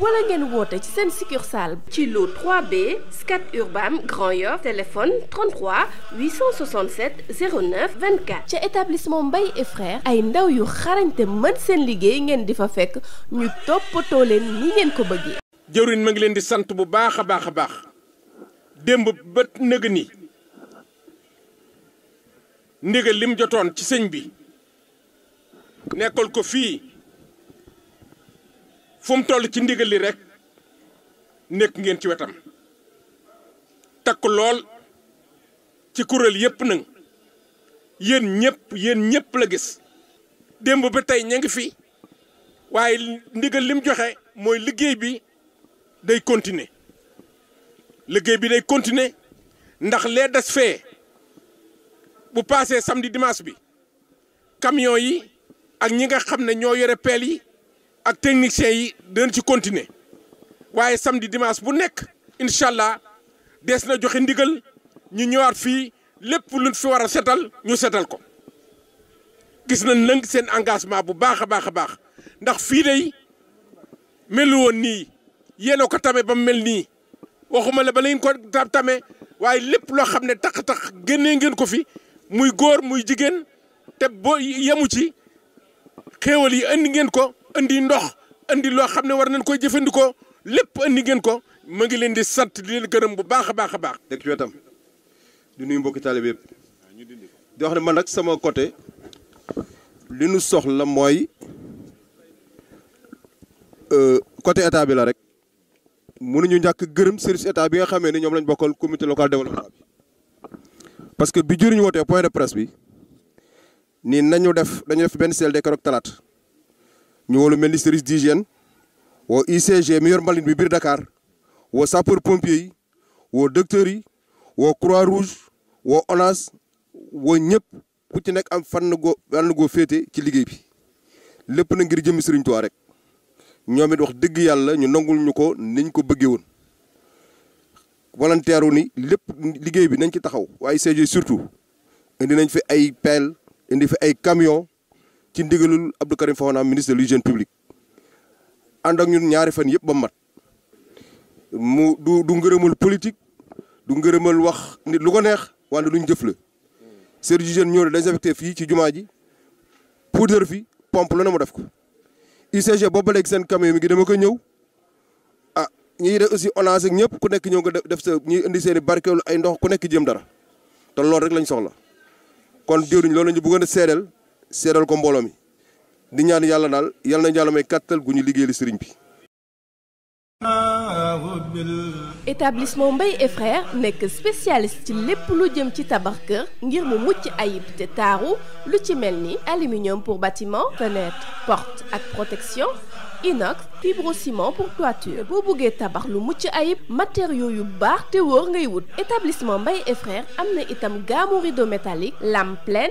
wala ngeen woote ci seen succursale ci lu 3B Scat Urbam Grand Yoff téléphone 33 867 09 24 ca établissement Mbaye et frères ay ndaw yu xarañte mën seen liggéey ngeen di fa fekk ñu toppatoo leen ni ngeen ko bëggee jëwriñ ma ngi leen di sant bu baax a baax a baax démb ba nëg ni ndigal lim jotoon ci sëñ bi nekkal ko fii fu mu toll ci ndigal li rek nekk ngeen ci wetam takk lool ci kuréel yëpp nag yéen ñëpp yéen ñëpp la gis démb ba tey ña ngi fi waaye ndigal lim joxe mooy liggéey bi day continuer liggéey bi day continuer ndax lee des fee bu paasee samedi dimanche bi camion yi ak ñi nga xam ne ñoo yore peel yi ak techniciens yi dana ci continuer waaye samedi dimanche bu nekk incha allah dees na joxe ndigal ñu ñëwaat fii lépp luñ fi war a setal ñu setal ko gis na nag seen engagement bu baax a baax a baax ndax fii day melu woon nii yéen ko tame ba mu mel nii waxuma la ba ngeen ko tame waaye lépp loo xam ne tax-tax génne ngeen ko fi muy góor muy jigéen te boo yemu ci xéewal yi andi ngeen ko indi ndox indi loo xam ne war nañ koy jëfandikoo lépp indi ngeen ko ma ngi leen di sant di leen gërëm bu baax a baax a baax. dëkk ci wetam di nuyu mbokki taalibe yëpp di wax ne man nag sama côté li nu soxla mooy euh, côté état bi la rek mënuñu ñàkk gërëm service état bi nga xamee ni ñoom lañ bokkal comité local développement bi. parce que bi jëriñ woote point de presse bi nii nañu def dañu def benn CLD keroog talaata. ñu woo lu mel ni service d'hygiène woo ICG mi yor bi biir Dakar woo sapeur pompier yi woo docteurs yi woo croix rouge woo olas woo ñëpp ku ci nekk am fànn goo goo féete ci liggéey bi lépp na ngir jëmmi Sëriñ Tuubaa rek ñoom it wax dëgg yàlla ñu nangul ñu ko niñ ko bëggee woon volontaire ni lépp liggéey bi nañ ci taxaw waaye ICG surtout indi nañ fi ay pelle indi fi ay camion ci ndigalul Abdou Karim Fofana ministre de l'hygiène publique ànd ak ñun ñaari fan yëpp ba mat mu du du ngërëmal politique du ngërëmal wax nit lu ko neex wante duñ jëf la service d'hygiène ñoo désinfecté fii ci jumaa ji poudre fi pompe la na mu def ko UCG boobu ba léegi seen mi ngi dama ko ñëw a ah, ñi def aussi onage ñëpp ku nekk ñëw nga def sa ñuy indi seen i ay ndox ku nekk jëm dara te loolu rek lañ soxla kon diwriñ loolu la ñu bëggoon a seedeel seeral ko mbooloo mi di ñaan yàlla daal gu ñu liggéeyal sëriñ bi. établissement Mbaye et nekk spécialiste ci lépp lu jëm ci tabax kër ngir mu mucc ayib te taaru lu ci mel ni aluminium pour bâtiment fenêtre porte ak protection inox fibrociment pour toiture boo bëggee tabax lu mucc ayib matériaux yu baax te wóor ngay wut. établissement Mbaye et frères am na itam gamme rideau métallique lame pleine